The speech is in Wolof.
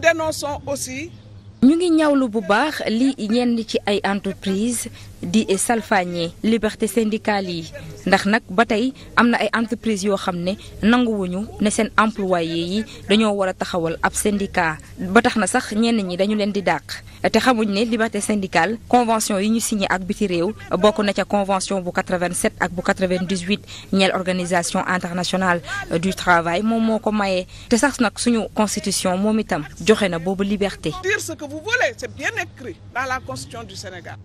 dénonçons aussi ñu ngi ñaw lu bu baax li ñenn ci ay entreprise di salfaañee liberté syndicale yi ndax nag ba tey am na ay entreprise yoo xam ne nanguwuñu ne seen employé yi dañoo war a taxawal ab syndicat ba tax na sax ñenn ñi dañu leen di dàq te xamuñ ne liberté syndicale convention yi ñu signé ak biti réew bokk na ca convention bu 87 ak bu 98 ñeel organisation internationale du travail moom moo ko maye te sax nag suñu constitution moom itam joxe na boobu liberté vous voulez, c'est bien écrit dans la Constitution du Sénégal.